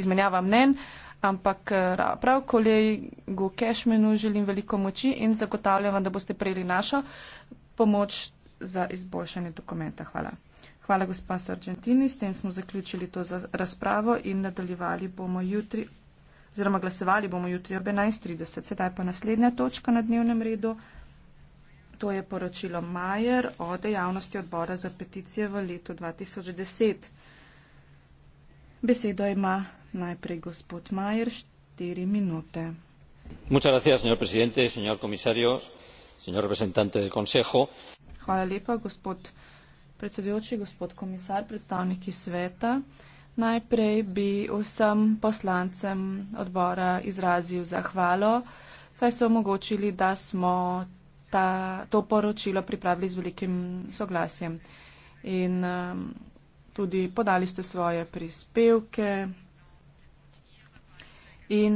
izmenjava mnen, ampak eh, prav kolegu Cashmanu želim veliko moči in zagotavljam vam, da boste prejeli našo pomoč za izboljšanje dokumenta. Hvala. Hvala, gospa Sargentini. S tem smo zaključili to za razpravo in nadaljevali bomo jutri, oziroma glasovali bomo jutri ob 11.30. Sedaj pa naslednja točka na dnevnem redu. To je poročilo Majer o dejavnosti odbora za peticije v letu 2010. Besedo ima Najprej gospod Majer, štiri minute. Muchas gracias, señor presidente, señor comisario, señor representante del Consejo. Hvala lepa, gospod predsedujoči, gospod komisar, predstavniki sveta. Najprej bi vsem poslancem odbora izrazil zahvalo, saj so omogočili, da smo ta, to poročilo pripravili z velikim soglasjem. In um, tudi podali ste svoje prispevke, In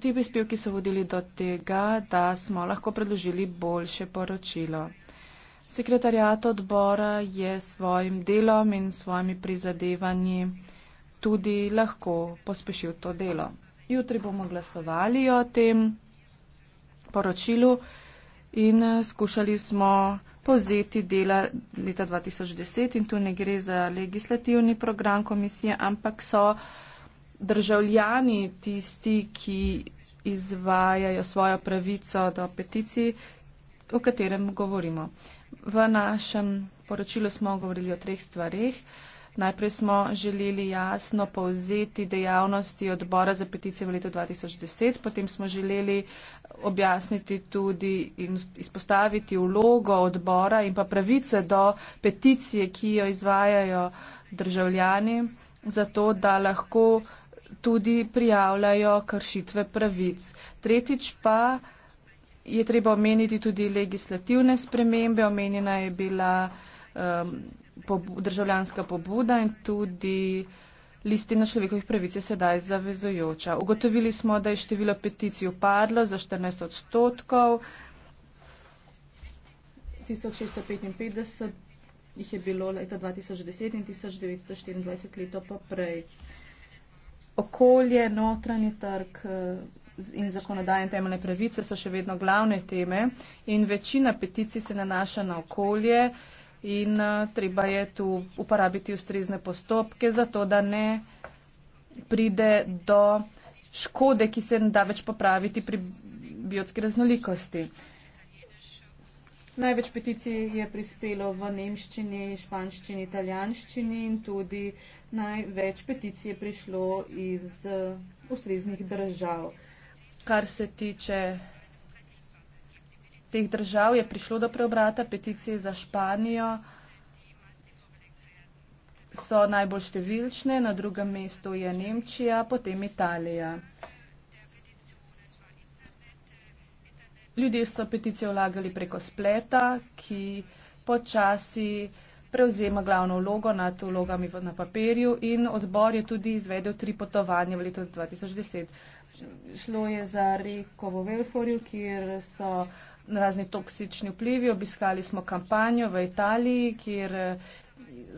ti prispevki so vodili do tega, da smo lahko predložili boljše poročilo. Sekretarjat odbora je svojim delom in svojimi prizadevanji tudi lahko pospešil to delo. Jutri bomo glasovali o tem poročilu in eh, skušali smo povzeti dela leta 2010 in tu ne gre za legislativni program komisije, ampak so državljani tisti, ki izvajajo svojo pravico do peticij, o katerem govorimo. V našem poročilu smo govorili o treh stvarih. Najprej smo želeli jasno povzeti dejavnosti odbora za peticije v letu 2010, potem smo želeli objasniti tudi in izpostaviti vlogo odbora in pa pravice do peticije, ki jo izvajajo državljani, zato da lahko tudi prijavljajo kršitve pravic. Tretjič pa je treba omeniti tudi legislativne spremembe. Omenjena je bila um, državljanska pobuda in tudi listina človekovih pravic je sedaj zavezujoča. Ugotovili smo, da je število peticij upadlo za 14 odstotkov. 1655 jih je bilo leta 2010 in 1924 leto poprej okolje, notranji trg eh, in zakonodajne temeljne pravice so še vedno glavne teme in večina peticij se nanaša na okolje in eh, treba je tu uporabiti ustrezne postopke, zato da ne pride do škode, ki se ne da več popraviti pri biotski raznolikosti. Uh, Največ peticij je prispelo v nemščini, španščini, italijanščini in tudi največ peticij je prišlo iz eh, ustreznih držav. Kar se tiče teh držav, je prišlo do preobrata peticije za Španijo. So najbolj številčne, na drugem mestu je Nemčija, potem Italija. Ljudje so peticijo vlagali preko spleta, ki počasi prevzema glavno vlogo nad vlogami na papirju in odbor je tudi izvedel tri potovanja v letu 2010. Šlo je za reko v Velforju, kjer so razni toksični vplivi. Obiskali smo kampanjo v Italiji, kjer eh,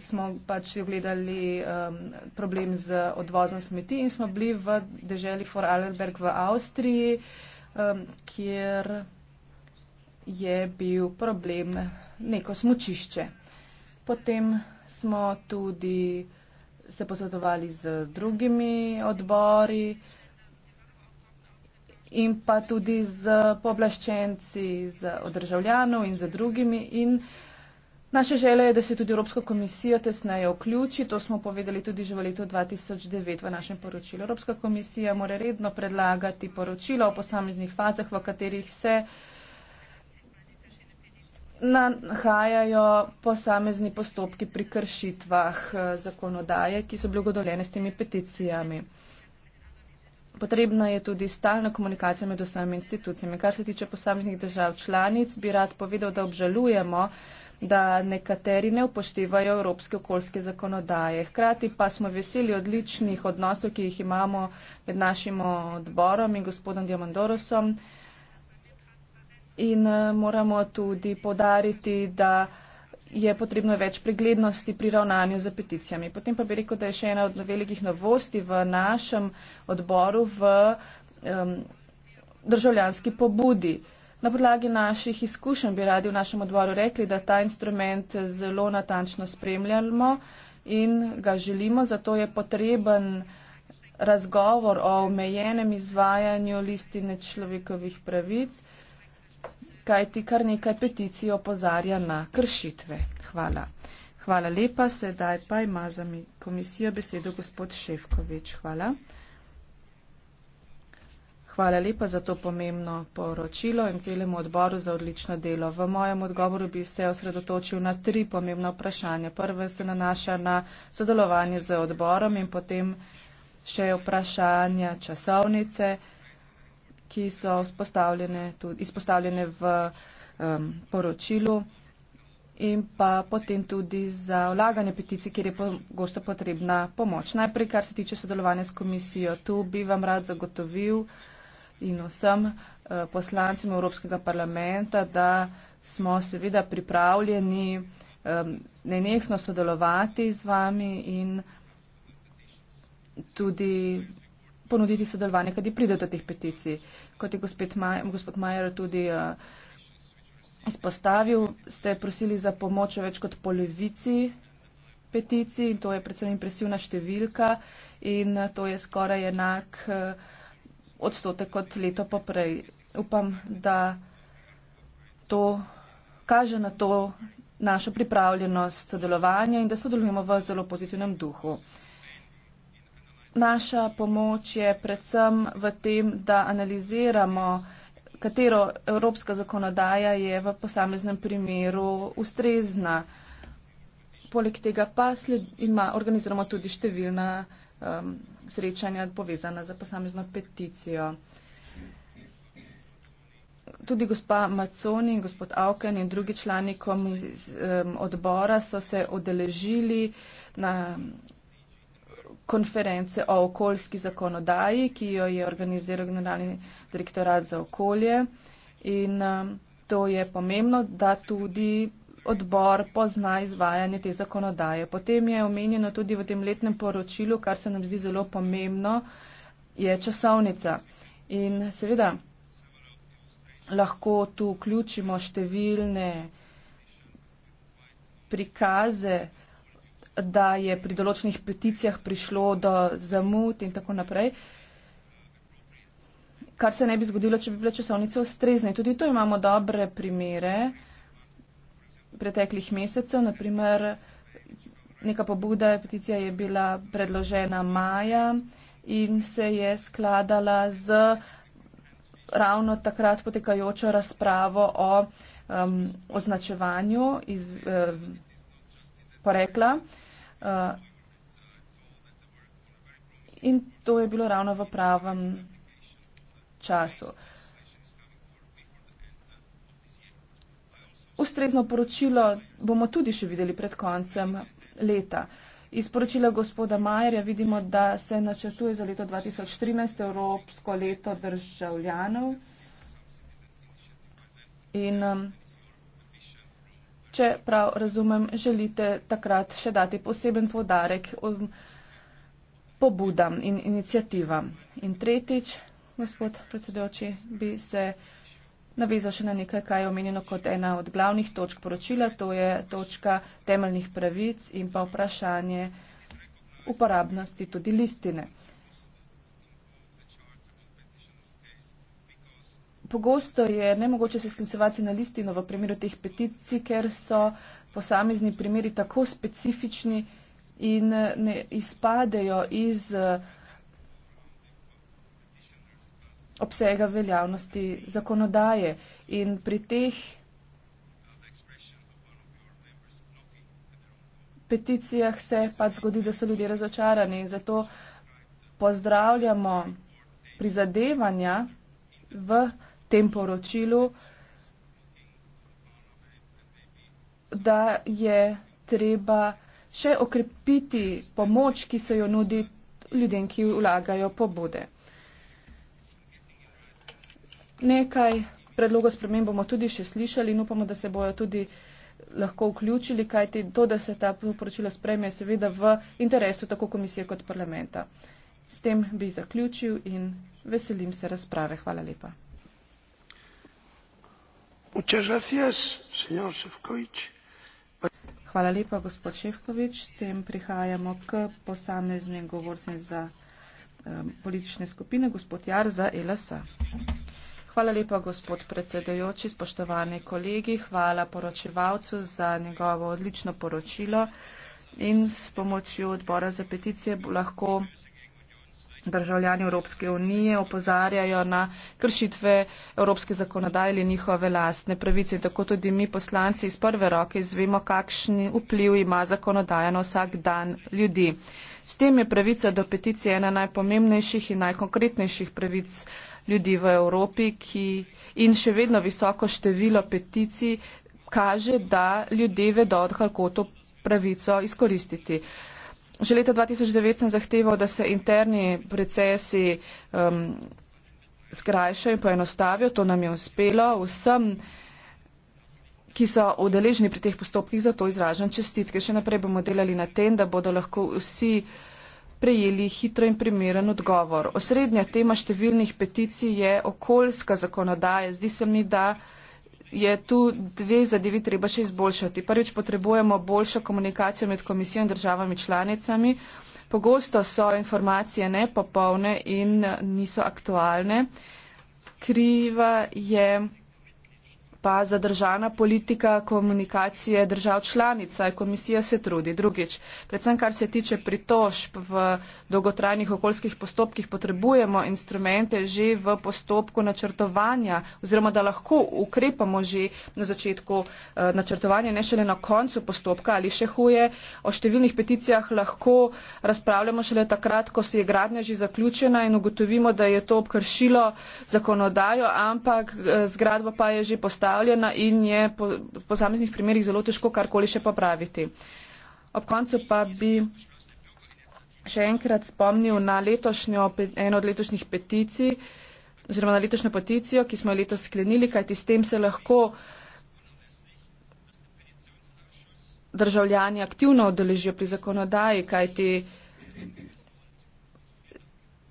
smo pač ogledali um, problem z odvozom smeti in smo bili v deželi Vorarlberg v Avstriji, uh, kjer je bil problem neko smočišče. Potem smo tudi se posvetovali z drugimi odbori in pa tudi z poblaščenci, z državljanov in z drugimi in uh, Naša želja je, da se tudi Evropska komisija tesneje vključi. To smo povedali tudi že v letu 2009 v našem poročilu. Evropska komisija mora redno predlagati poročila o posameznih fazah, v katerih se nahajajo posamezni postopki pri kršitvah eh, zakonodaje, ki so bili godoljene s temi peticijami. Potrebna je tudi stalna komunikacija med vsemi institucijami. Kar se tiče posameznih držav članic, bi rad povedal, da obžalujemo, da nekateri ne upoštevajo evropske okoljske zakonodaje. Hkrati pa smo veseli odličnih odnosov, ki jih imamo med našim odborom in gospodom Diamandorosom. In eh, moramo tudi podariti, da je potrebno več preglednosti pri ravnanju z peticijami. Potem pa bi rekel, da je še ena od velikih novosti v našem odboru v um, državljanski pobudi. Na podlagi naših izkušenj bi radi v našem odboru rekli, da ta instrument zelo natančno spremljamo in ga želimo, zato je potreben razgovor o omejenem izvajanju listine človekovih pravic kaj ti kar nekaj peticij opozarja na kršitve. Hvala. Hvala lepa. Sedaj pa ima za mi komisijo besedo gospod Ševkovič. Hvala. Hvala lepa za to pomembno poročilo in celemu odboru za odlično delo. V mojem odgovoru bi se osredotočil na tri pomembna vprašanja. Prvo se nanaša na sodelovanje z odborom in potem še vprašanja časovnice ki so tudi, izpostavljene v um, poročilu in pa potem tudi za vlaganje peticij, kjer je pogosto potrebna pomoč. Najprej, kar se tiče sodelovanja s komisijo, tu bi vam rad zagotovil in vsem uh, poslancem Evropskega parlamenta, da smo seveda pripravljeni um, nenehno sodelovati z vami in tudi ponuditi sodelovanje, kadi pride do teh peticij. Kot je gospod Majer tudi eh, izpostavil, ste prosili za pomoč več kot polovici peticij in to je predvsem impresivna številka in eh, to je skoraj enak eh, odstotek kot leto poprej. Upam, da to kaže na to našo pripravljenost sodelovanja in da sodelujemo v zelo pozitivnem duhu naša pomoč je predvsem v tem, da analiziramo, katero evropska zakonodaja je v posameznem primeru ustrezna. Poleg tega pa sled, ima, organiziramo tudi številna um, srečanja povezana za posamezno peticijo. Tudi gospa Maconi in gospod Auken in drugi člani komis, um, odbora so se odeležili na konference o okoljski zakonodaji, ki jo je organiziral Generalni direktorat za okolje. In um, to je pomembno, da tudi odbor pozna izvajanje te zakonodaje. Potem je omenjeno tudi v tem letnem poročilu, kar se nam zdi zelo pomembno, je časovnica. In seveda lahko tu vključimo številne prikaze da je pri določenih peticijah prišlo do zamud in tako naprej, kar se ne bi zgodilo, če bi bile časovnice ustrezne. Tudi to imamo dobre primere preteklih mesecev, naprimer neka pobuda, peticija je bila predložena maja in se je skladala z ravno takrat potekajočo razpravo o um, označevanju iz um, porekla. Uh, Uh, in to je bilo ravno v pravem času. Ustrezno poročilo bomo tudi še videli pred koncem leta. Iz poročila gospoda Majerja vidimo, da se načrtuje za leto 2013 Evropsko leto državljanov. In um, če prav razumem, želite takrat še dati poseben podarek um, pobudam in inicijativam. In tretjič, gospod predsedoči, bi se navezal še na nekaj, kaj je omenjeno kot ena od glavnih točk poročila, to je točka temeljnih pravic in pa vprašanje uporabnosti tudi listine. pogosto je nemogoče se sklicevati na listino v primeru teh peticij, ker so posamezni primeri tako specifični in ne izpadejo iz eh, obsega veljavnosti zakonodaje. In pri teh peticijah se pač zgodi, da so ljudje razočarani in zato pozdravljamo prizadevanja v tem poročilu, da je treba še okrepiti pomoč, ki se jo nudi ljudem, ki vlagajo pobude. Nekaj predlogov sprememb bomo tudi še slišali in upamo, da se bojo tudi lahko vključili, kajti to, da se ta poročilo spreme, je seveda v interesu tako komisije kot parlamenta. S tem bi zaključil in veselim se razprave. Hvala lepa. Hvala lepa, gospod Šefkovič. S tem prihajamo k posameznim govorcem za um, politične skupine, gospod Jar za LS. Hvala lepa, gospod predsedojoči, spoštovane kolegi, hvala poročevalcu za njegovo odlično poročilo in s pomočjo odbora za peticije lahko državljani Evropske unije opozarjajo na kršitve evropske zakonodaje ali njihove lastne pravice. In tako tudi mi poslanci iz prve roke izvemo, kakšen vpliv ima zakonodaja na vsak dan ljudi. S tem je pravica do peticije ena najpomembnejših in najkonkretnejših pravic ljudi v Evropi ki, in še vedno visoko število peticij kaže, da ljudje vedo, kako to pravico izkoristiti. Uh, Že leta 2009 sem zahteval, da se interni procesi um, skrajšajo in poenostavijo. To nam je uspelo. Vsem, ki so udeleženi pri teh postopkih, zato izražam čestitke. Še naprej bomo delali na tem, da bodo lahko vsi prejeli hitro in primeren odgovor. Osrednja tema številnih peticij je okoljska zakonodaja. Zdi se mi, da je tu dve zadevi treba še izboljšati. Prvič potrebujemo boljšo komunikacijo med komisijo in državami članicami. Pogosto so informacije nepopolne in niso aktualne. Kriva je pa zadržana politika komunikacije držav članic, saj komisija se trudi. Drugič, predvsem kar se tiče pritožb v dolgotrajnih okoljskih postopkih, potrebujemo instrumente že v postopku načrtovanja oziroma da lahko ukrepamo že na začetku eh, načrtovanja, ne šele na koncu postopka ali še huje. O številnih peticijah lahko razpravljamo šele takrat, ko se je gradnja že zaključena in ugotovimo, da je to obkršilo zakonodajo, ampak eh, zgradba pa je že postavljena pojavljena in je po, po posameznih primerjih zelo težko karkoli še popraviti. Ob koncu pa bi še enkrat spomnil na letošnjo, eno od letošnjih peticij oziroma na letošnjo peticijo, ki smo jo letos sklenili, kajti s tem se lahko državljani aktivno odeležijo pri zakonodaji, kajti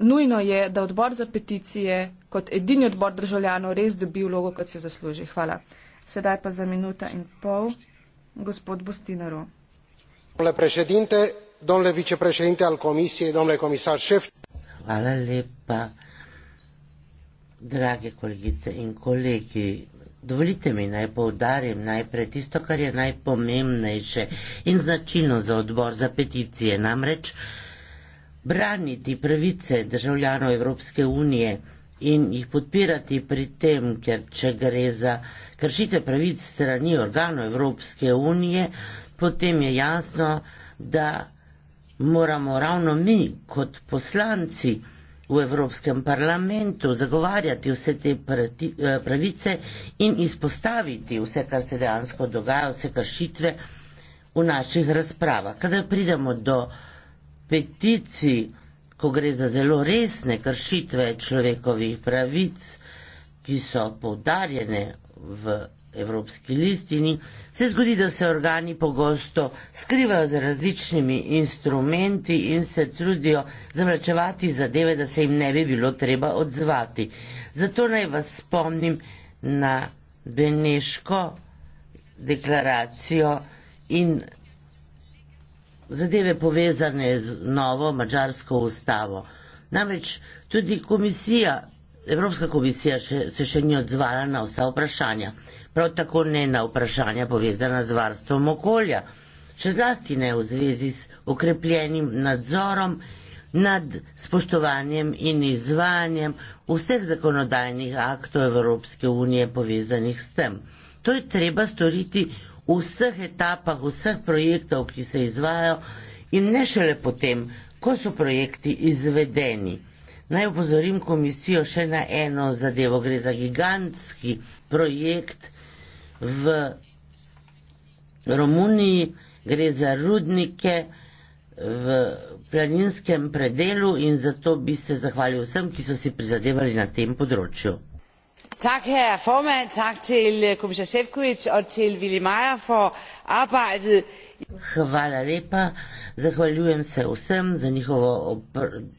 nujno je, da odbor za peticije kot edini odbor državljanov res dobi vlogo, kot si jo zasluži. Hvala. Sedaj pa za minuta in pol gospod Bustinaro. Hvala lepa, drage kolegice in kolegi. Dovolite mi naj povdarim najprej tisto, kar je najpomembnejše in značilno za odbor za peticije. Namreč braniti pravice državljanov Evropske unije in jih podpirati pri tem, ker če gre za kršitve pravic strani organov Evropske unije, potem je jasno, da moramo ravno mi kot poslanci v Evropskem parlamentu zagovarjati vse te eh, pravice in izpostaviti vse, kar se dejansko dogaja, vse kršitve v naših razpravah. Kada pridemo do peticij, ko gre za zelo resne kršitve človekovih pravic, ki so povdarjene v Evropski listini, se zgodi, da se organi pogosto skrivajo za različnimi instrumenti in se trudijo zavračevati zadeve, da se jim ne bi bilo treba odzvati. Zato naj vas spomnim na Beneško deklaracijo in zadeve povezane z novo mačarsko ustavo. Namreč tudi komisija, Evropska komisija še, se še ni odzvala na vsa vprašanja, prav tako ne na vprašanja povezana z varstvom okolja, še zlasti ne v zvezi s okrepljenim nadzorom nad spoštovanjem in izvajanjem vseh zakonodajnih aktov Evropske unije povezanih s tem. To je treba storiti v vseh etapah, v vseh projektov, ki se izvajo in ne šele potem, ko so projekti izvedeni. Naj upozorim komisijo še na eno zadevo. Gre za gigantski projekt v Romuniji, gre za rudnike v planinskem predelu in zato bi se zahvalil vsem, ki so si prizadevali na tem področju. Er tak til øh, komisar efovi in til willi meyer for arbejdet Hvala lepa, zahvaljujem se vsem za njihovo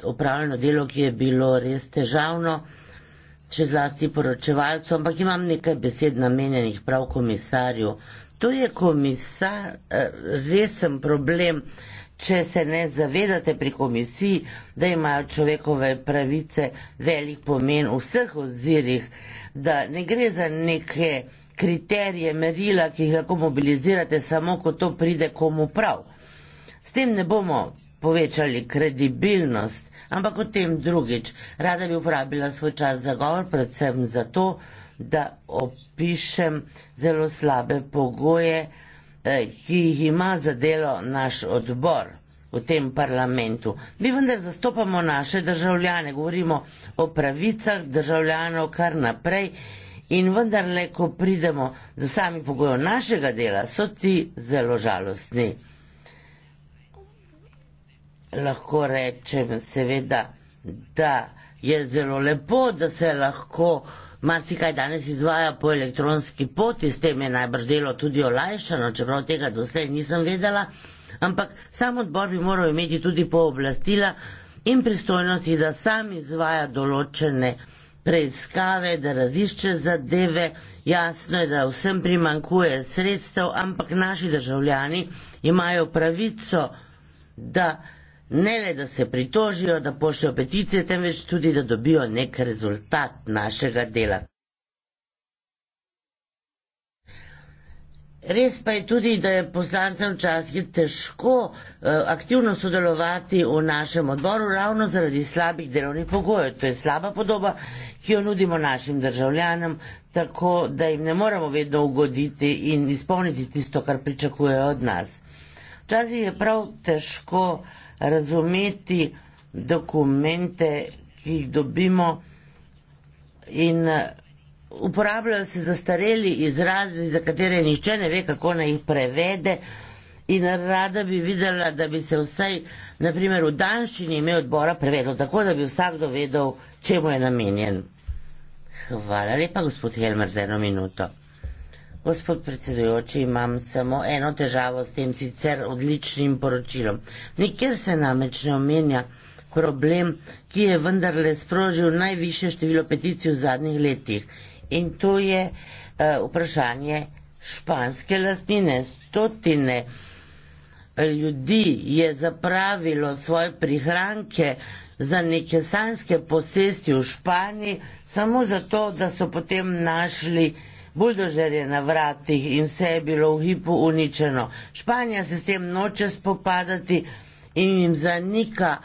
opravljeno delo, ki je bilo res težavno, še zlasti poročevalcu, ampak imam nekaj besed namenjenih prav komisarju. To je komisar, eh, resen problem, če se ne zavedate pri komisiji, da imajo človekove pravice velik pomen v vseh ozirih, da ne gre za neke kriterije, merila, ki jih lahko mobilizirate samo, ko to pride komu prav. S tem ne bomo povečali kredibilnost, ampak o tem drugič. Rada bi uporabila svoj čas za govor, predvsem zato, da opišem zelo slabe pogoje, Eh, ki jih ima za delo naš odbor v tem parlamentu. Mi vendar zastopamo naše državljane, govorimo o pravicah državljanov kar naprej in vendar le, ko pridemo do sami pogojev našega dela, so ti zelo žalostni. Lahko rečem seveda, da je zelo lepo, da se lahko uh, marsikaj danes izvaja po elektronski poti, s tem je najbrž delo tudi olajšano, čeprav tega doslej nisem vedela, ampak sam odbor bi moral imeti tudi pooblastila in pristojnosti, da sam izvaja določene preiskave, da razišče zadeve, jasno je, da vsem primankuje sredstev, ampak naši državljani imajo pravico, da ne le da se pritožijo, da pošljajo peticije, temveč tudi da dobijo nek rezultat našega dela. Res pa je tudi, da je poslancem včasih težko eh, aktivno sodelovati v našem odboru ravno zaradi slabih delovnih pogojev. To je slaba podoba, ki jo nudimo našim državljanom, tako da jim ne moremo vedno ugoditi in izpolniti tisto, kar pričakujejo od nas. Včasih je prav težko eh, razumeti dokumente, ki jih dobimo in eh, uporabljajo se zastareli izrazi, za katere nihče ne ve, kako naj jih prevede in rada bi videla, da bi se vsaj, naprimer, v danščini ime odbora prevedlo, tako da bi vsakdo vedel, čemu je namenjen. Hvala lepa, gospod Helmer, za eno minuto. Gospod predsedujoči, imam samo eno težavo s tem sicer odličnim poročilom. Nikjer se namreč ne omenja problem, ki je vendarle sprožil najviše število peticij v zadnjih letih. In to je uh, vprašanje španske lastnine. Stotine ljudi je zapravilo svoje prihranke za neke sanske posesti v Španiji, samo zato, da so potem našli buldožer je na vratih in vse je bilo v hipu uničeno. Španija se s tem noče spopadati in jim zanika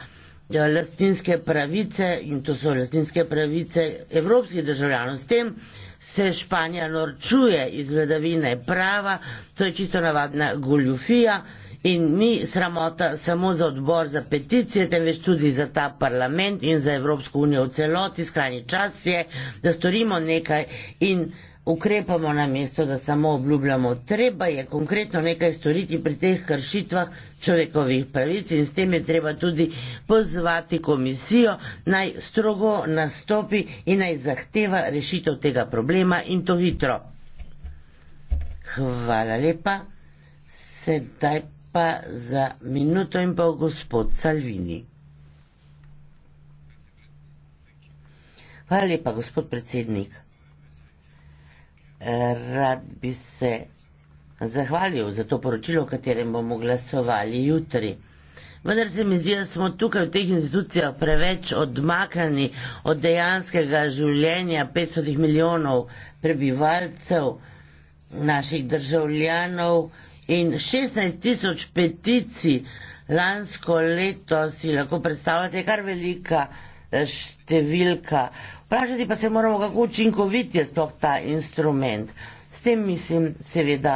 eh, lastinske pravice in to so lastinske pravice evropskih državljanov. S tem se Španija norčuje iz vladavine prava, to je čisto navadna goljufija in ni sramota samo za odbor za peticije, temveč tudi za ta parlament in za Evropsko unijo v celoti. Skrajni čas je, da storimo nekaj in nekaj ukrepamo na mesto, da samo obljubljamo. Treba je konkretno nekaj storiti pri teh kršitvah človekovih pravic in s tem je treba tudi pozvati komisijo naj strogo nastopi in naj zahteva rešitev tega problema in to hitro. Hvala lepa. Sedaj pa za minuto in pol gospod Salvini. Hvala lepa, gospod predsednik rad bi se zahvalil za to poročilo, o katerem bomo glasovali jutri. Vendar se mi zdi, da smo tukaj v teh institucijah preveč odmaknjeni od dejanskega življenja 500 milijonov prebivalcev, naših državljanov in 16 tisoč peticij lansko leto si lahko predstavljate, kar velika eh, številka. Vprašati pa se moramo, kako učinkovit je sploh ta instrument. S tem mislim seveda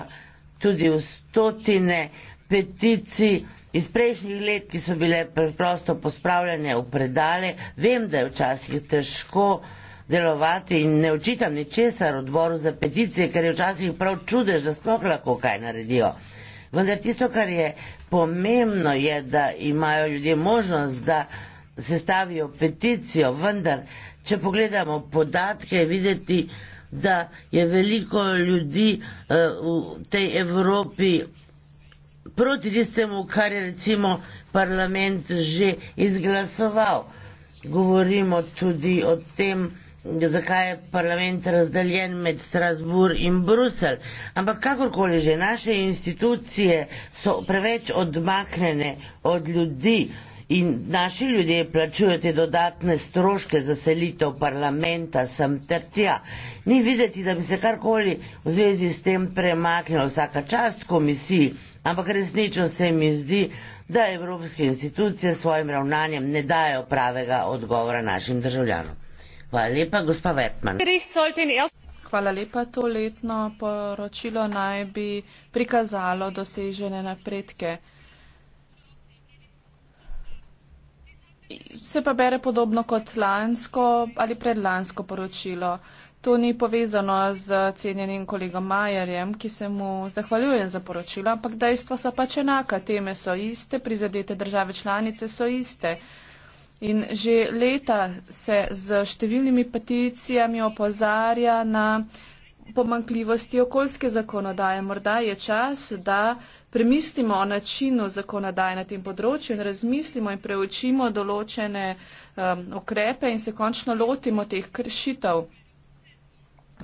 tudi v stotine peticij iz prejšnjih let, ki so bile preprosto pospravljene v predale. Vem, da je včasih težko delovati in ne očitam ničesar odboru za peticije, ker je včasih prav čudež, da sploh lahko kaj naredijo. Vendar tisto, kar je pomembno, je, da imajo ljudje možnost, da sestavijo peticijo, vendar Če pogledamo podatke, videti, da je veliko ljudi uh, v tej Evropi proti tistemu, kar je recimo parlament že izglasoval. Govorimo tudi o tem, zakaj je parlament razdeljen med Strasburg in Brusel. Ampak kakorkoli že, naše institucije so preveč odmaknjene od ljudi. Uh, In naši ljudje plačujete dodatne stroške za selitev parlamenta sem ter tja. Ni videti, da bi se karkoli v zvezi s tem premaknilo vsaka čast komisiji, ampak resnično se mi zdi, da evropske institucije s svojim ravnanjem ne dajo pravega odgovora našim državljanom. Hvala lepa, gospa Vetman. Hvala lepa. To letno poročilo naj bi prikazalo dosežene napredke. se pa bere podobno kot lansko ali predlansko poročilo. To ni povezano z cenjenim kolegom Majerjem, ki se mu zahvaljujem za poročilo, ampak dejstva so pač enaka, teme so iste, prizadete države članice so iste. In že leta se z številnimi peticijami opozarja na pomankljivosti okoljske zakonodaje. Morda je čas, da premislimo o načinu zakonodaje na tem področju in razmislimo in preučimo določene um, ukrepe in se končno lotimo teh kršitev.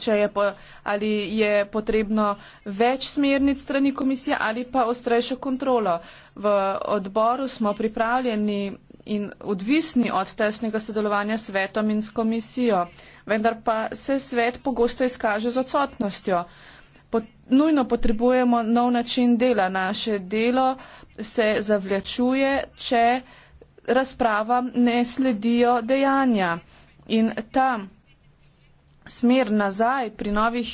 Če je po, ali je potrebno več smernic strani komisije ali pa ostrejšo kontrolo. V odboru smo pripravljeni in odvisni od tesnega sodelovanja s svetom in s komisijo, vendar pa se svet pogosto izkaže z odsotnostjo. Uh, pot, nujno potrebujemo nov način dela. Naše delo se zavlačuje, če razprava ne sledijo dejanja. In ta smer nazaj pri novih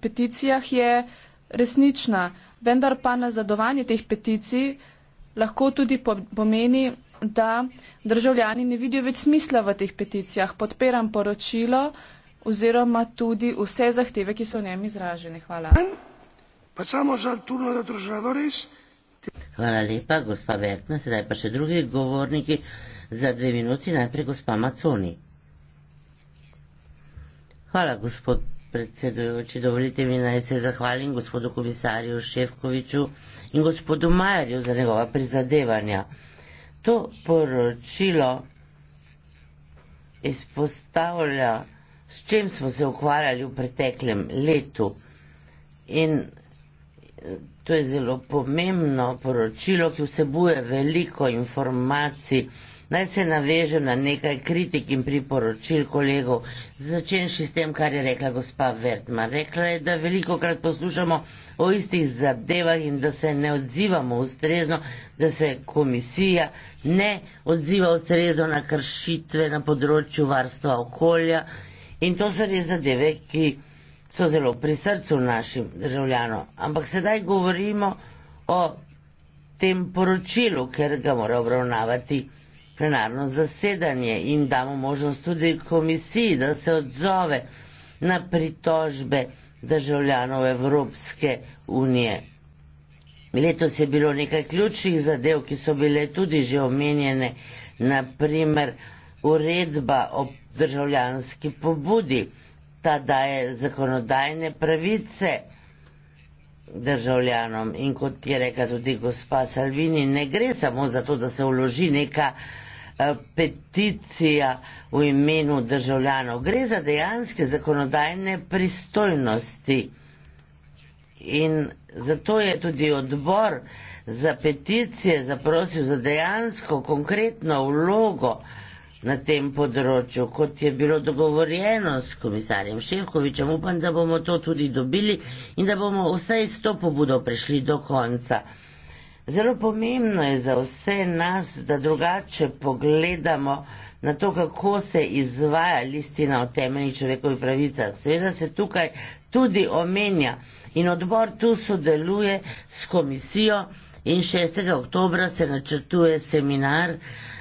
peticijah je resnična, vendar pa nazadovanje teh peticij lahko tudi pomeni, da državljani ne vidijo več smisla v teh peticijah. Podpiram poročilo, oziroma tudi vse zahteve, ki so v njem izražene. Hvala. Hvala lepa, gospa Vertna. Sedaj pa še drugi govorniki za dve minuti. Najprej gospa Maconi. Hvala, gospod predsedujoči. Dovolite mi naj se zahvalim gospodu komisarju Ševkoviču in gospodu Majerju za njegova prizadevanja. To poročilo izpostavlja s čim smo se ukvarjali v preteklem letu. In eh, to je zelo pomembno poročilo, ki vsebuje veliko informacij. Naj se navežem na nekaj kritik in priporočil kolegov, začenši s tem, kar je rekla gospa Vertma. Rekla je, da veliko krat poslušamo o istih zadevah in da se ne odzivamo ustrezno, da se komisija ne odziva ustrezno na kršitve na področju varstva okolja In to so res zadeve, ki so zelo pri srcu našim državljanom. Ampak sedaj govorimo o tem poročilu, ker ga mora obravnavati plenarno zasedanje in damo možnost tudi komisiji, da se odzove na pritožbe državljanov Evropske unije. Letos je bilo nekaj ključnih zadev, ki so bile tudi že omenjene, naprimer uredba o državljanski pobudi. Ta daje zakonodajne pravice državljanom in kot je rekla tudi gospa Salvini, ne gre samo za to, da se uloži neka eh, peticija v imenu državljanov. Gre za dejanske zakonodajne pristojnosti. In zato je tudi odbor za peticije zaprosil za dejansko konkretno vlogo uh, na tem področju, kot je bilo dogovorjeno s komisarjem Šefkovičem. Upam, da bomo to tudi dobili in da bomo vsaj s to pobudo prišli do konca. Zelo pomembno je za vse nas, da drugače pogledamo na to, kako se izvaja listina o temeljnih človekovih pravicah. Seveda se tukaj tudi omenja in odbor tu sodeluje s komisijo In 6. oktobra se načrtuje seminar,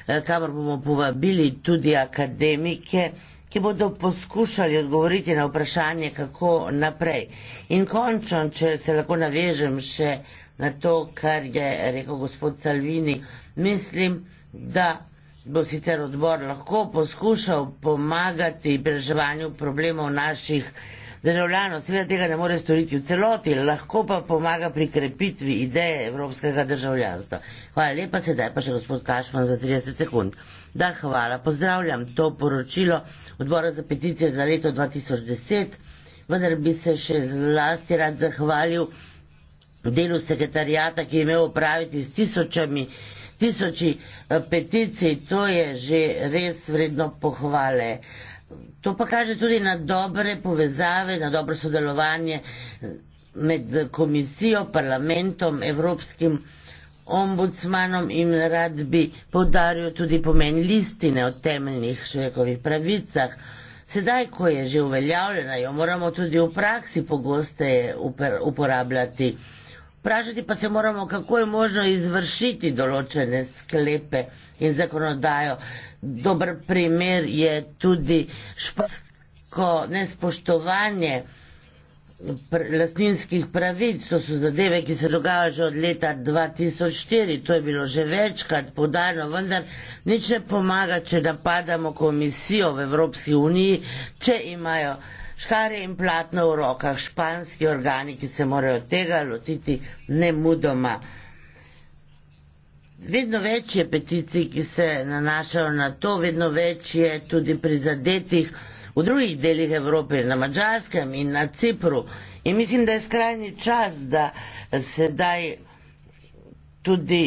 eh, kamor bomo povabili tudi akademike, ki bodo poskušali odgovoriti na vprašanje, kako naprej. In končno, če se lahko navežem še na to, kar je rekel gospod Salvini, mislim, da bo sicer odbor lahko poskušal pomagati pri reševanju problemov naših državljanov seveda tega ne more storiti v celoti, lahko pa pomaga pri krepitvi ideje evropskega državljanstva. Hvala lepa, sedaj pa še gospod Kašman za 30 sekund. Da, hvala, pozdravljam to poročilo odbora za peticije za leto 2010, vendar bi se še zlasti rad zahvalil delu sekretarijata, ki je imel opraviti s tisočami, tisoči eh, peticij, to je že res vredno pohvale. Uh, To pa kaže tudi na dobre povezave, na dobro sodelovanje eh, med komisijo, parlamentom, evropskim ombudsmanom in rad bi podaril tudi pomen listine o temeljnih človekovih pravicah. Sedaj, ko je že uveljavljena, jo moramo tudi v praksi pogosteje uporabljati. Uh, Vprašati pa se moramo, kako je možno izvršiti določene sklepe in zakonodajo. Dober primer je tudi špansko nespoštovanje lastninskih pravic. To so zadeve, ki se dogajajo že od leta 2004. To je bilo že večkrat podano, vendar nič ne pomaga, če napadamo komisijo v Evropski uniji, če imajo škare in platno v rokah, španski organi, ki se morajo tega lotiti ne mudoma. Vedno več je peticij, ki se nanašajo na to, vedno več je tudi prizadetih v drugih delih Evrope, na Mačarskem in na Cipru. In mislim, da je skrajni čas, da sedaj tudi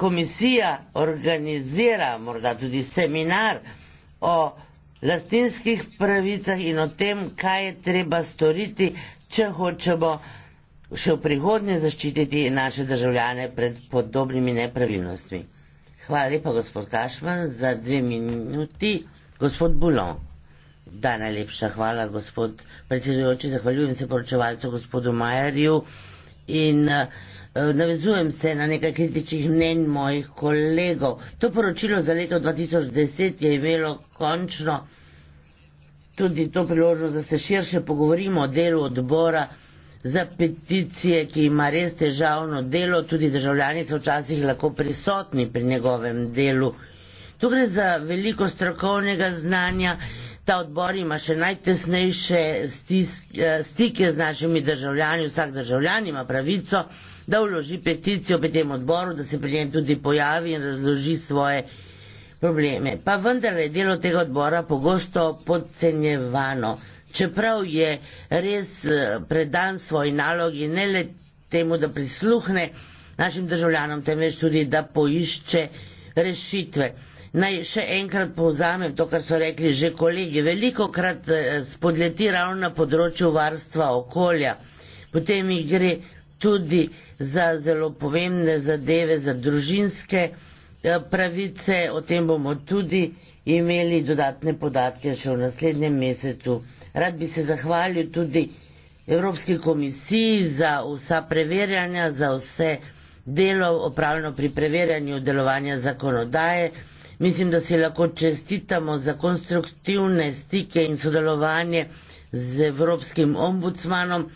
komisija organizira, morda tudi seminar o lastinskih pravicah in o tem, kaj je treba storiti, če hočemo še v prihodnje zaščititi naše državljane pred podobnimi nepravilnostmi. Hvala lepa, gospod Kašman, za dve minuti. Gospod Bulon. Da, najlepša hvala, gospod predsedujoči. Zahvaljujem se poročevalcu, gospodu Majerju. In uh, Eh, navezujem se na nekaj kritičnih mnenj mojih kolegov. To poročilo za leto 2010 je imelo končno tudi to priložnost, da se širše pogovorimo o delu odbora za peticije, ki ima res težavno delo, tudi državljani so včasih lahko prisotni pri njegovem delu. Tu gre za veliko strokovnega znanja, ta odbor ima še najtesnejše stiske eh, z našimi državljani, vsak državljan ima pravico da vloži peticijo pri tem odboru, da se pri njem tudi pojavi in razloži svoje probleme. Pa vendar je delo tega odbora pogosto podcenjevano. Čeprav je res eh, predan svoj nalogi ne le temu, da prisluhne našim državljanom, temveč tudi, da poišče rešitve. Naj še enkrat povzamem to, kar so rekli že kolegi. Veliko krat eh, spodleti ravno na področju varstva okolja, potem jih gre tudi za zelo pomembne zadeve, za družinske eh, pravice. O tem bomo tudi imeli dodatne podatke še v naslednjem mesecu. Rad bi se zahvalil tudi Evropski komisiji za vsa preverjanja, za vse delo opravljeno pri preverjanju delovanja zakonodaje. Mislim, da si lahko čestitamo za konstruktivne stike in sodelovanje z Evropskim ombudsmanom.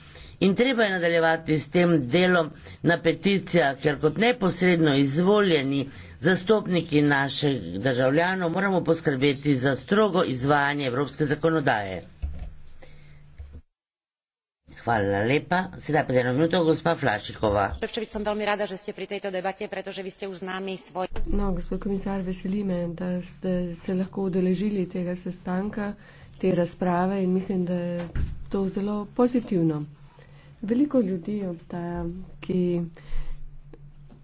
In treba je nadaljevati s tem delom na peticijah, ker kot neposredno izvoljeni zastopniki naših državljanov moramo poskrbeti za strogo izvajanje evropske zakonodaje. Hvala lepa. Sedaj pa eno minuto, gospa Flašikova. Prečevič, sem veľmi rada, že ste pri tejto debate, pretože vi ste už z nami svoj... No, gospod komisar, veseli me, da ste se lahko udeležili tega sestanka, te razprave in mislim, da je to zelo pozitivno. Veliko ljudi obstaja, ki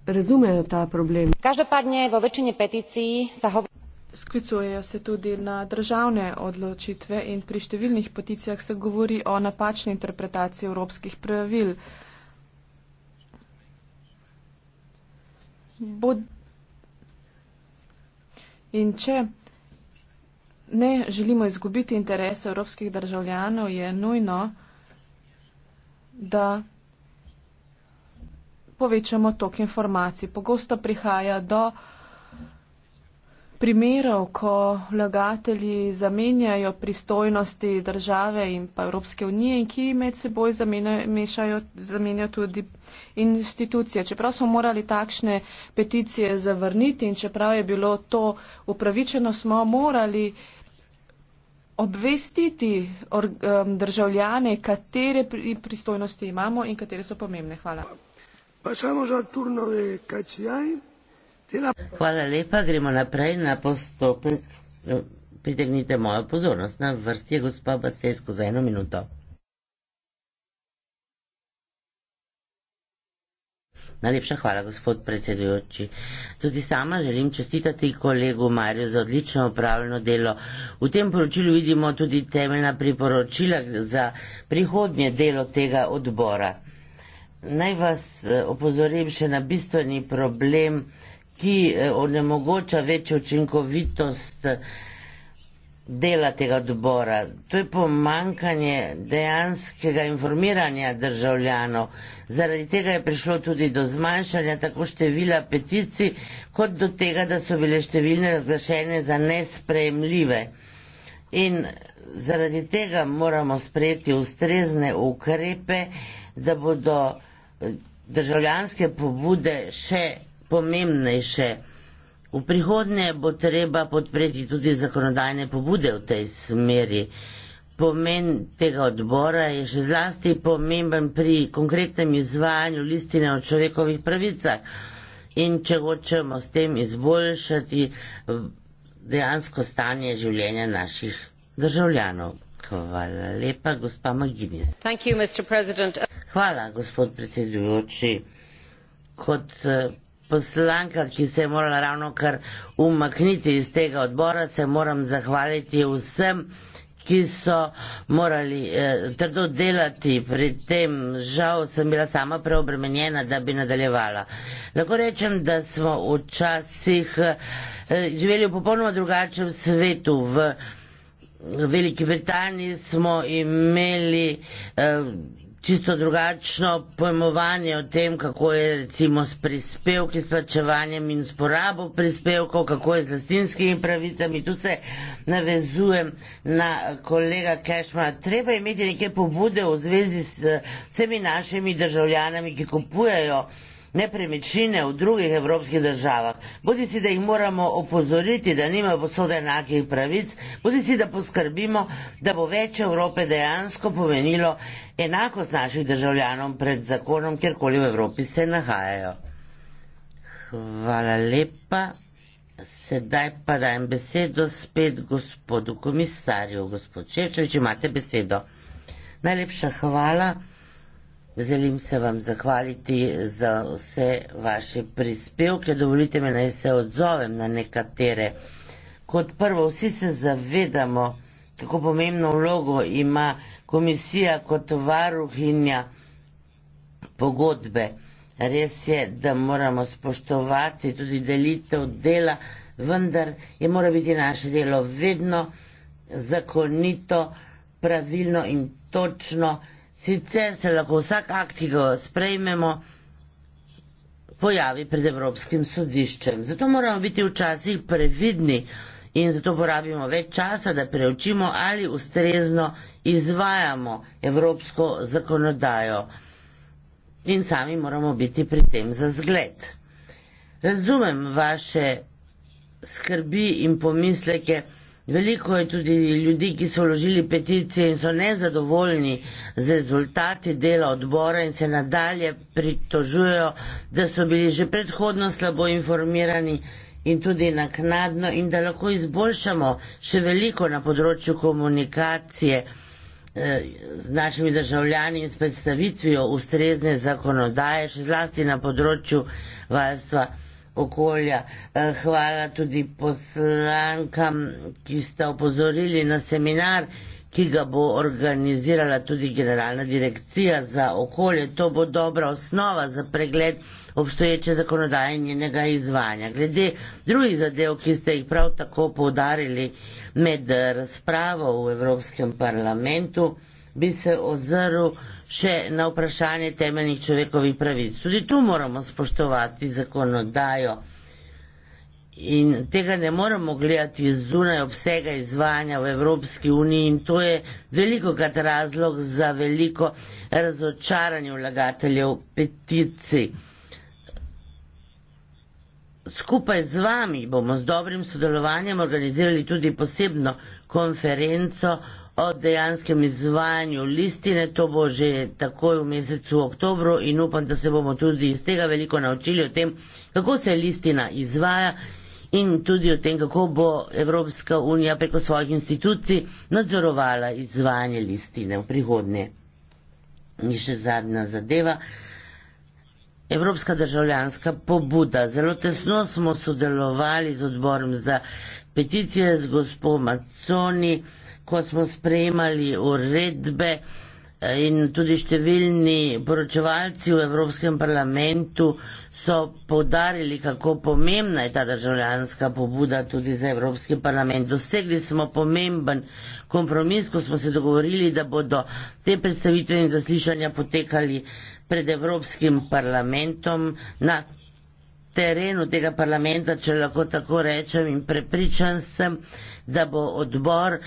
razumejo ta problem. Každopadne, v večini peticiji se hovi. Sklicujejo se tudi na državne odločitve in pri številnih peticijah se govori o napačni interpretaciji evropskih pravil. Bod... In če ne želimo izgubiti interese evropskih državljanov, je nujno, da povečamo tok informacij. Pogosto prihaja do primerov, ko vlagatelji zamenjajo pristojnosti države in pa Evropske unije in ki med seboj zamenjajo, zamenjajo tudi institucije. Čeprav smo morali takšne peticije zavrniti in čeprav je bilo to upravičeno, smo morali. Uh, obvestiti državljane, katere pristojnosti imamo in katere so pomembne. Hvala. Hvala lepa, gremo naprej na postopek. Pritegnite mojo pozornost. Na vrsti je gospa Basesko za eno minuto. Najlepša hvala, gospod predsedujoči. Tudi sama želim čestitati kolegu Marju za odlično upravljeno delo. V tem poročilu vidimo tudi temeljna priporočila za prihodnje delo tega odbora. Naj vas eh, opozorim še na bistveni problem, ki eh, onemogoča večjo učinkovitost dela tega odbora. To je pomankanje dejanskega informiranja državljanov. Zaradi tega je prišlo tudi do zmanjšanja tako števila peticij, kot do tega, da so bile številne razglašene za nesprejemljive. In zaradi tega moramo sprejeti ustrezne ukrepe, da bodo eh, državljanske pobude še pomembnejše. V prihodnje bo treba podpreti tudi zakonodajne pobude v tej smeri. Pomen tega odbora je še zlasti pomemben pri konkretnem izvajanju listine o človekovih pravicah. In če hočemo s tem izboljšati dejansko stanje življenja naših državljanov. Hvala lepa, gospa Maginis. Hvala, gospod predsedujoči. Kot eh, poslanka, ki se je morala ravno kar umakniti iz tega odbora, se moram zahvaliti vsem, ki so morali eh, trdo delati pri tem. Žal sem bila sama preobremenjena, da bi nadaljevala. Lahko rečem, da smo včasih eh, živeli v popolnoma drugačnem svetu. V Veliki Britaniji smo imeli eh, čisto drugačno pojmovanje o tem, kako je recimo s prispevki, s plačevanjem in s porabo prispevkov, kako je z lastinskimi pravicami. Tu se navezujem na kolega Kešma. Treba imeti neke pobude v zvezi s eh, vsemi našimi državljanami, ki kupujajo nepremičnine v drugih evropskih državah. Bodi si, da jih moramo opozoriti, da nimajo posode enakih pravic, bodi si, da poskrbimo, da bo več Evrope dejansko pomenilo enakost naših državljanom pred zakonom, kjerkoli v Evropi se nahajajo. Hvala lepa. Sedaj pa dajem besedo spet gospodu komisarju. Gospod Čevčevič, imate besedo. Najlepša hvala. Želim se vam zahvaliti za vse vaše prispevke. Dovolite mi, da se odzovem na nekatere. Kot prvo, vsi se zavedamo, kako pomembno vlogo ima komisija kot varuhinja pogodbe. Res je, da moramo spoštovati tudi delitev dela, vendar je mora biti naše delo vedno zakonito, pravilno in točno sicer se lahko vsak akt, ki ga sprejmemo, pojavi pred Evropskim sodiščem. Zato moramo biti včasih previdni in zato porabimo več časa, da preučimo ali ustrezno izvajamo evropsko zakonodajo. In sami moramo biti pri tem za zgled. Razumem vaše skrbi in pomisleke, Veliko je tudi ljudi, ki so vložili peticije in so nezadovoljni z rezultati dela odbora in se nadalje pritožujejo, da so bili že predhodno slabo informirani in tudi naknadno in da lahko izboljšamo še veliko na področju komunikacije eh, z našimi državljani in s predstavitvijo ustrezne zakonodaje, še zlasti na področju varstva okolja. Eh, hvala tudi poslankam, ki ste opozorili na seminar, ki ga bo organizirala tudi Generalna direkcija za okolje. To bo dobra osnova za pregled obstoječe zakonodaje in njenega izvanja. Glede drugih zadev, ki ste jih prav tako povdarili med eh, razpravo v Evropskem parlamentu, bi se ozrl še na vprašanje temeljnih človekovih pravic. Tudi tu moramo spoštovati zakonodajo in tega ne moramo gledati zunaj obsega izvajanja v Evropski uniji in to je veliko krat razlog za veliko razočaranje vlagateljev peticij. Skupaj z vami bomo z dobrim sodelovanjem organizirali tudi posebno konferenco o dejanskem izvajanju listine, to bo že takoj v mesecu oktobru in upam, da se bomo tudi iz tega veliko naučili o tem, kako se listina izvaja in tudi o tem, kako bo Evropska unija preko svojih institucij nadzorovala izvajanje listine v prihodnje. In še zadnja zadeva. Evropska državljanska pobuda. Zelo tesno smo sodelovali z odborom za peticije z gospod Maconi, ko smo sprejemali uredbe eh, in tudi številni poročevalci v Evropskem parlamentu so podarili, kako pomembna je ta državljanska pobuda tudi za Evropski parlament. Dosegli smo pomemben kompromis, ko smo se dogovorili, da bodo te predstavitve in zaslišanja potekali pred Evropskim parlamentom na terenu tega parlamenta, če lahko tako rečem, in prepričan sem, da bo odbor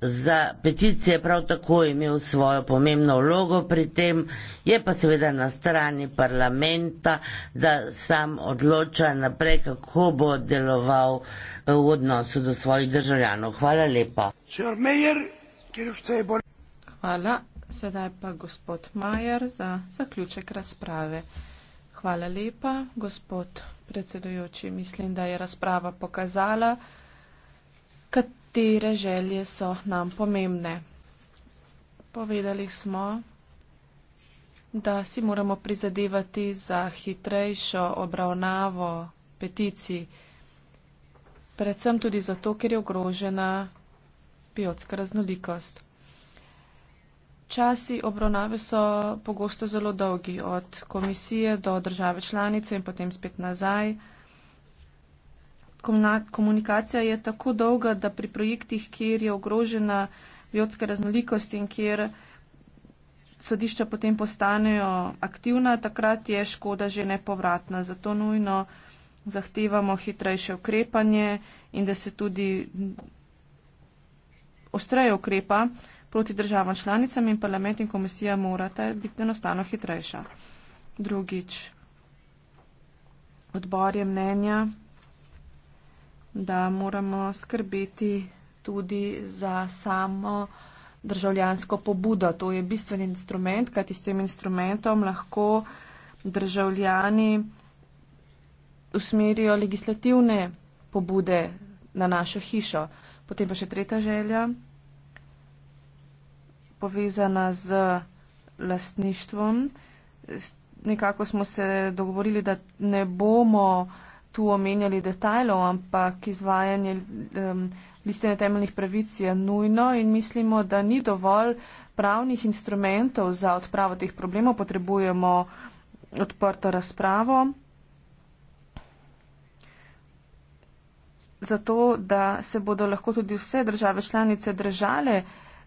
za peticije prav tako imel svojo pomembno vlogo pri tem, je pa seveda na strani parlamenta, da sam odloča naprej, kako bo deloval eh, v odnosu do svojih državljanov. Hvala lepa. Hvala. Sedaj pa gospod Majer za zaključek razprave. Hvala lepa, gospod predsedujoči. Mislim, da je razprava pokazala, katere želje so nam pomembne. Povedali smo, da si moramo prizadevati za hitrejšo obravnavo peticij, predvsem tudi zato, ker je ogrožena biotska raznolikost. Časi obravnave so pogosto zelo dolgi, od komisije do države članice in potem spet nazaj. Komunikacija je tako dolga, da pri projektih, kjer je ogrožena biotska raznolikost in kjer sodišča potem postanejo aktivna, takrat je škoda že nepovratna. Zato nujno zahtevamo hitrejše ukrepanje in da se tudi ostreje ukrepa proti državam članicam in parlament in komisija morata biti enostavno hitrejša. Drugič, odbor je mnenja, da moramo skrbeti tudi za samo državljansko pobudo. To je bistveni instrument, kajti s tem instrumentom lahko državljani usmerijo legislativne pobude na našo hišo. Potem pa še tretja želja povezana z lastništvom. Nekako smo se dogovorili, da ne bomo tu omenjali detajlov, ampak izvajanje um, listine temeljnih pravic je nujno in mislimo, da ni dovolj pravnih instrumentov za odpravo teh problemov. Potrebujemo odprto razpravo. Zato, da se bodo lahko tudi vse države članice držale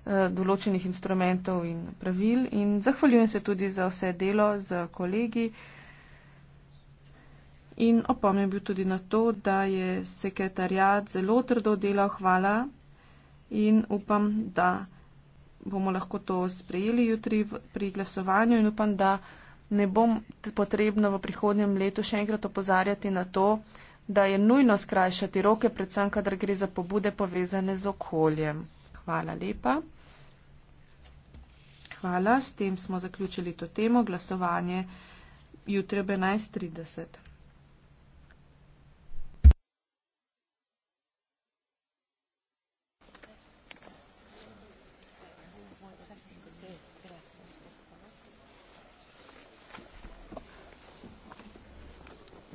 Eh, določenih instrumentov in pravil in zahvaljujem se tudi za vse delo z kolegi. In opomnim bil tudi na to, da je sekretarjat zelo trdo delal, hvala in upam, da bomo lahko to sprejeli jutri pri glasovanju in upam, da ne bom potrebno v prihodnjem letu še enkrat opozarjati na to, da je nujno skrajšati roke, predvsem, kadar gre za pobude povezane z okoljem. Hvala lepa. Hvala. S tem smo zaključili to temo. Glasovanje jutri ob 11.30.